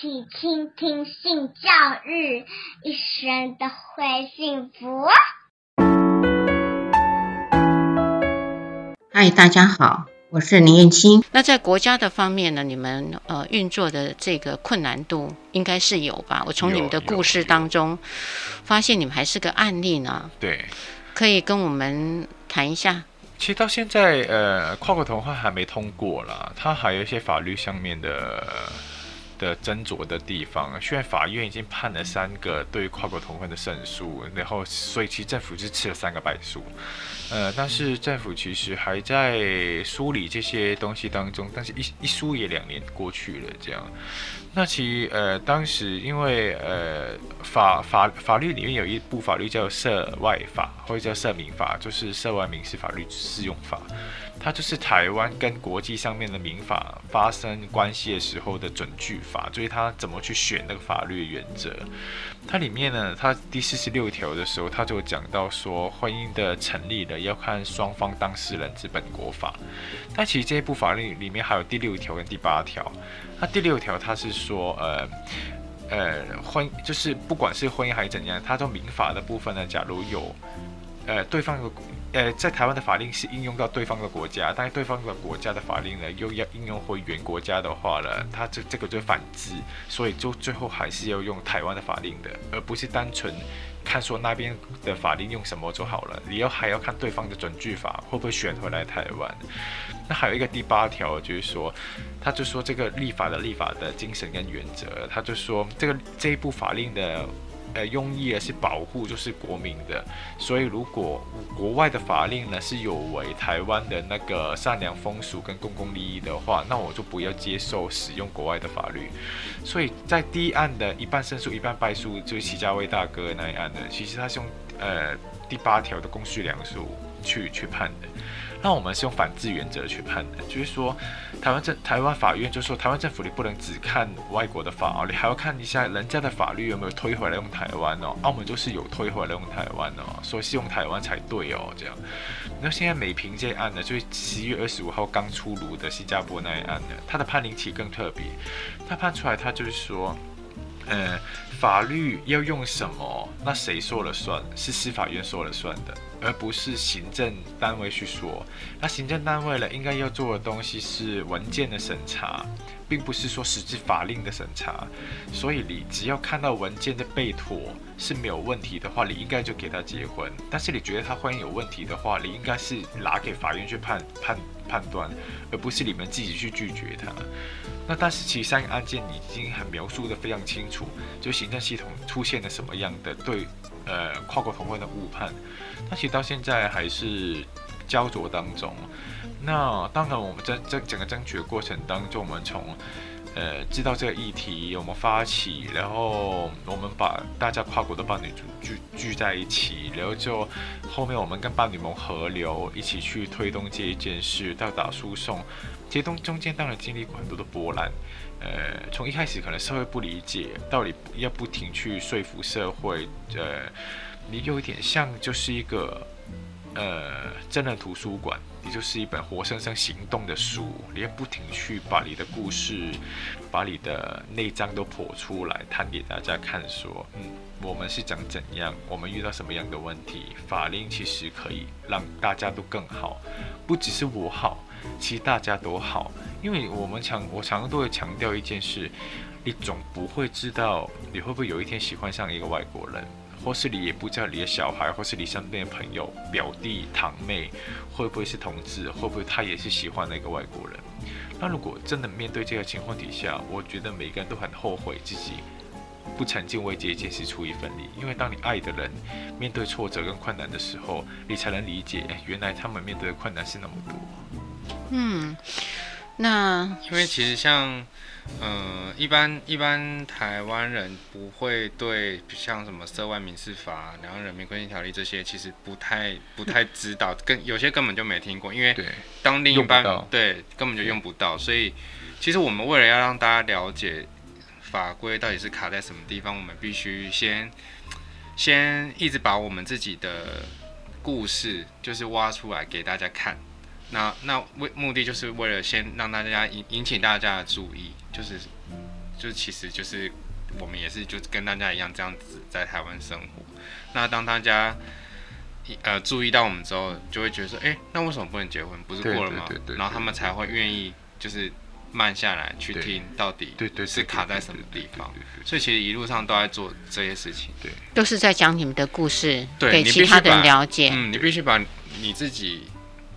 去傾聽性教育，一生都會幸福。嗨，大家好，我是林燕青。那在國家的方面呢？你們呃運作的這個困難度應該是有吧？我從你們的故事當中發現你們還是個案例呢。對，可以跟我們談一下。其實到現在呃，跨國同婚還沒通過啦，它還有一些法律上面的，的斟酌的地方，雖然法院已經判了三個對於跨國同婚的勝訴，然後所以其實政府就吃了三個敗訴，呃，但是政府其實還在梳理這些東西當中，但是一一輸也兩年過去了這樣。那其實呃當時因為呃法法法律裡面有一部法律叫涉外法或者叫涉民法，就是涉外民事法律適用法。它就是台灣跟國際上面的民法發生關係的時候的準據法，所以他怎麼去選那個法律原則？它裡面呢，它第四十六條的時候，他就講到說婚姻的成立了要看雙方當事人之本國法。但其實這一部法律裡面還有第六條跟第八條。那第六條它是說，呃呃，婚就是不管是婚姻還是怎樣，它做民法的部分呢，假如有。呃，對方的，呃，在台灣的法令是應用到對方的國家，但是對方的國家的法令呢，又要應用回原國家的話呢，他這這個就反制。所以就最後還是要用台灣的法令的，而不是單純看說那邊的法令用什麼就好了，你要還要看對方的準據法會不會選回來台灣。那還有一個第八條就是說，他就說這個立法的立法的精神跟原則，他就說這個這一部法令的。呃，用意啊是保護，就是國民的。所以如果國外的法令呢，是有違台灣的那個善良風俗跟公共利益的話，那我就不要接受使用國外的法律。所以在第一案的一半勝訴一半敗訴，就是祁家威大哥那一案呢，其實他是用呃第八條的公序良俗去去判的。那我們是用反制原則去判的，就是說，台灣政台灣法院就說台灣政府，你不能只看外國的法哦，你還要看一下人家的法律有沒有推回來用台灣哦。澳門就是有推回來用台灣哦，所以是用台灣才對哦，這樣。那現在美平這一案呢，就是七月二十五號剛出爐的，新加坡那一案呢，他的判令其實更特別，他判出來他就是說，嗯、呃，法律要用什麼，那誰說了算？是司法院說了算的。而不是行政單位去說，那行政單位呢，應該要做的東西是文件的審查，並不是說實質法令的審查。所以你只要看到文件的備妥是沒有問題的話，你應該就給他結婚。但是你覺得他婚姻有問題的話，你應該是拿給法院去判判判斷，而不是你們自己去拒絕他。那但是其實三個案件你已經很描述得非常清楚，就行政系統出現了什麼樣的對。呃，跨國同婚的誤判，那其實到現在還是焦灼當中。那當然，我們在這整個爭取的過程當中，我們從。呃，知道這個議題，我們發起，然後我們把大家跨國的伴侶組聚聚，聚在一起，然後就後面我們跟伴侶盟合流，一起去推動這一件事，到打訴訟。其實中間當然經歷過很多的波瀾，呃，從一開始可能社會不理解，到底要不停去說服社會，呃，你有一點像就是一個呃，真人圖書館。你就是一本活生生行動的書，你要不停去把你的故事，把你的內臟都剖出來，攤給大家看，說，嗯，我們是長怎樣，我們遇到什麼樣的問題，法令其實可以讓大家都更好，不只是我好，其實大家都好，因為我們常，我常常都會強調一件事，你總不會知道你會不會有一天喜歡上一個外國人。或是你也不知道你的小孩，或是你身邊的朋友、表弟、堂妹，會不會是同志？會不會他也是喜歡那個外國人？那如果真的面對這個情況底下，我覺得每個人都很後悔自己不曾經為這件事出一份力，因為當你愛的人面對挫折跟困難的時候，你才能理解，原來他們面對的困難是那麼多。嗯，那因為其實像。嗯，一般一般台灣人不會對像什麼涉外民事法，然後《人民關係條例》這些，其實不太不太知道， 跟有些根本就沒聽過，因為當另一半對根本就用不到，所以其實我們為了要讓大家了解法規到底是卡在什麼地方，我們必須先先一直把我們自己的故事就是挖出來給大家看，那那為目的就是為了先讓大家引引起大家的注意。就是，就其實就是我們也是就跟大家一樣這樣子在台灣生活。那當大家一呃注意到我們之後，就會覺得說，哎、欸，那為什麼不能結婚？不是過了嗎？然後他們才會願意就是慢下來去聽到底對對是卡在什麼地方。所以其實一路上都在做這些事情，對，都是在講你們的故事，給其他人了解。嗯，你必須把你自己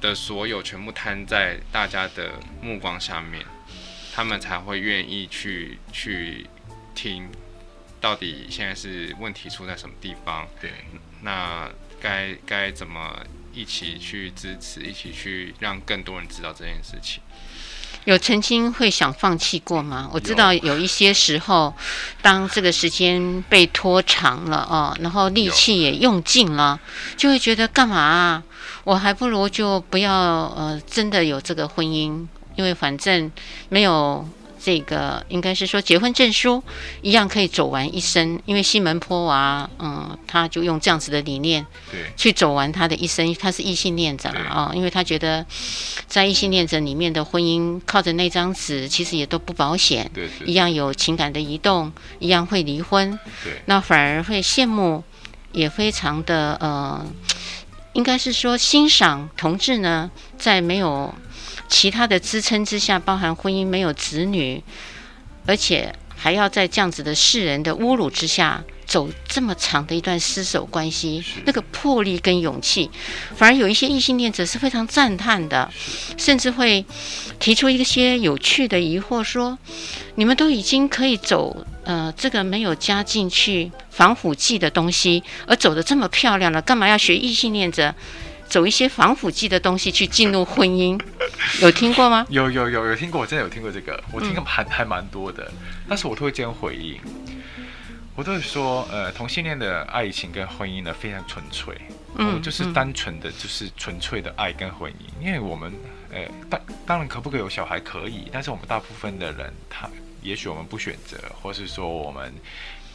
的所有全部攤在大家的目光下面。他們才會願意去去聽，到底現在是問題出在什麼地方？對，那該該怎麼一起去支持，一起去讓更多人知道這件事情？有曾經會想放棄過嗎？我知道有一些時候，當這個時間被拖長了哦，然後力氣也用盡了，就會覺得幹嘛啊？我還不如就不要呃，真的有這個婚姻。因為反正沒有這個，應該是說結婚證書一樣可以走完一生。因為西門坡娃、啊，嗯，他就用這樣子的理念，對，去走完他的一生。他是異性戀者啊，因為他覺得在異性戀者裡面的婚姻，靠着那張紙其實也都不保險，對，一樣有情感的移動，一樣會離婚，對，那反而會羨慕，也非常的呃。應該是說，欣賞同志呢，在沒有其他的支撐之下，包含婚姻、沒有子女，而且還要在這樣子的世人的侮辱之下。走這麼長的一段廝守關係，那個魄力跟勇氣，反而有一些異性戀者是非常讚嘆的，甚至會提出一些有趣的疑惑，說：你們都已經可以走呃這個沒有加進去防腐劑的東西，而走得這麼漂亮了，幹嘛要學異性戀者走一些防腐劑的東西去進入婚姻？ 有聽過嗎？有有有有，有聽過，我真的有聽過這個，我聽還、嗯、還，還蠻多的，但是我都會這樣回應。我都是說，呃，同性戀的愛情跟婚姻呢，非常純粹，嗯，就是單純的、嗯、就是純粹的愛跟婚姻。因為我們，呃，當當然可不可以有小孩可以，但是我們大部分的人，他也許我們不選擇，或是說我們，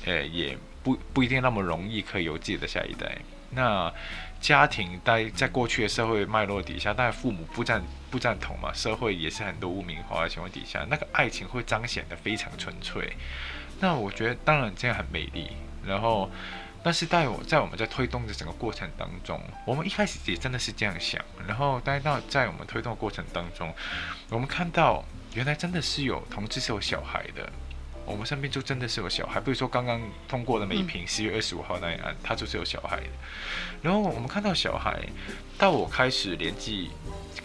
呃，也不不一定那麼容易可以有自己的下一代。那家庭待在過去的社會脈絡底下，但是父母不贊不贊同嘛，社會也是很多污名化的情況底下，那個愛情會彰顯得非常純粹。那我覺得當然這樣很美麗，然後，但是在我在我們在推動的整個過程當中，我們一開始也真的是這樣想，然後，但到在我們推動的過程當中，我們看到原來真的是有同志是有小孩的，我們身邊就真的是有小孩，比如說剛剛通過的每一瓶，十、嗯、月二十五號那一案，他就是有小孩的，然後我們看到小孩，到我開始年紀，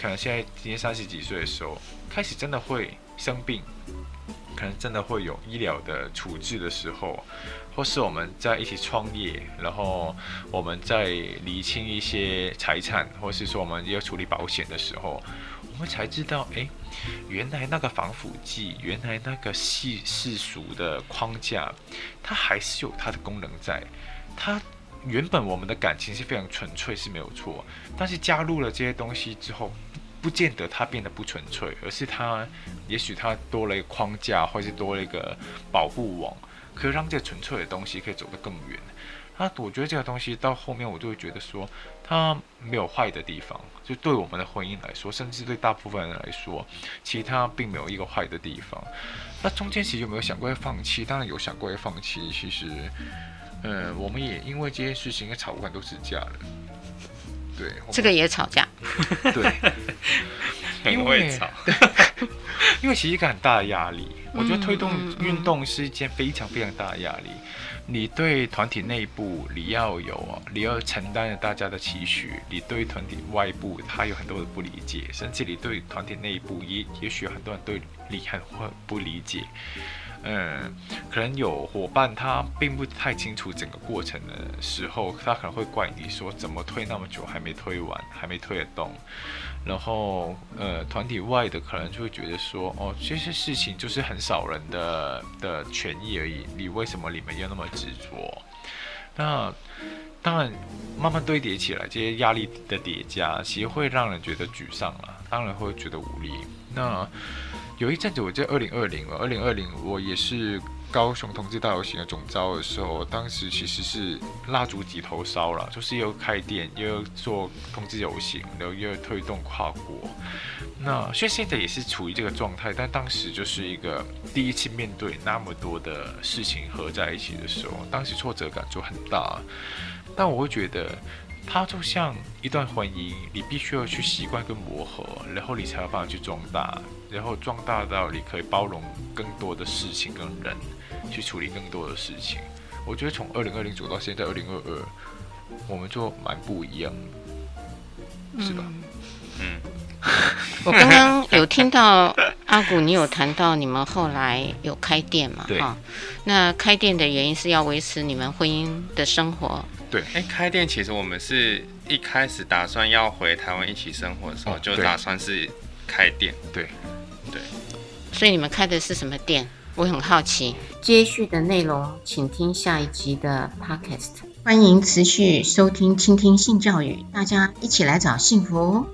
可能現在今年三十幾歲的時候，開始真的會生病。真的會有醫療的處置的時候，或是我們在一起創業，然後我們在理清一些財產，或是說我們要處理保險的時候，我們才知道，誒，原來那個防腐劑，原來那個世俗的框架，它還是有它的功能在。它原本我們的感情是非常純粹是沒有錯，但是加入了這些東西之後。不見得它變得不純粹，而是它也許它多了一個框架，或者是多了一個保護網，可以讓這純粹的東西可以走得更遠。那、啊、我覺得這個東西到後面我就會覺得說，它沒有壞的地方。就對我們的婚姻來說，甚至對大部分人來說，其實它並沒有一個壞的地方。那中間其實有沒有想過要放棄？當然有想過要放棄。其實，呃、嗯，我們也因為這些事情跟曹館都吵架了。對，這個也吵架。對， 對，因為吵。 因為其實一個很大的壓力。我覺得推動運動是一件非常非常大的壓力，嗯。你對團體內部，你要有，你要承擔着大家的期許。你對團體外部，他有很多的不理解，甚至你對團體內部，也也許很多人對你很不理解。嗯，可能有夥伴他並不太清楚整個過程的時候，他可能會怪你說怎麼推那麼久還沒推完，還沒推得動。然後，呃，團體外的可能就會覺得說，哦，這些事情就是很少人的的權益而已，你為什麼你們又那麼執着？那當然，慢慢堆疊起來這些壓力的疊加，其實會讓人覺得沮喪了，當然會覺得無力。那有一陣子，我記得二零二零，二零二零，我也是高雄同志大遊行的總召的時候，當時其實是蠟燭幾頭燒了，就是又開店，又要做同志遊行，然後又要推動跨國。那所以現在也是處於這個狀態，但當時就是一個第一次面對那麼多的事情合在一起的時候，當時挫折感就很大。但我會覺得。它就像一段婚姻，你必須要去習慣跟磨合，然後你才有辦法去壯大，然後壯大到你可以包容更多的事情跟人，去處理更多的事情。我覺得從二零二零走到現在二零二二，2022，我們就蠻不一樣，是吧？嗯。 我剛剛有聽到。阿古，你有談到你們後來有開店嗎？對、哦。那開店的原因是要維持你們婚姻的生活。對。誒、欸，開店其實我們是一開始打算要回台灣一起生活的時候，哦、就打算是開店對。對。對。所以你們開的是什麼店？我很好奇。接續的內容，請聽下一集的 Podcast。歡迎持續收聽、傾聽性教育，大家一起來找幸福、哦。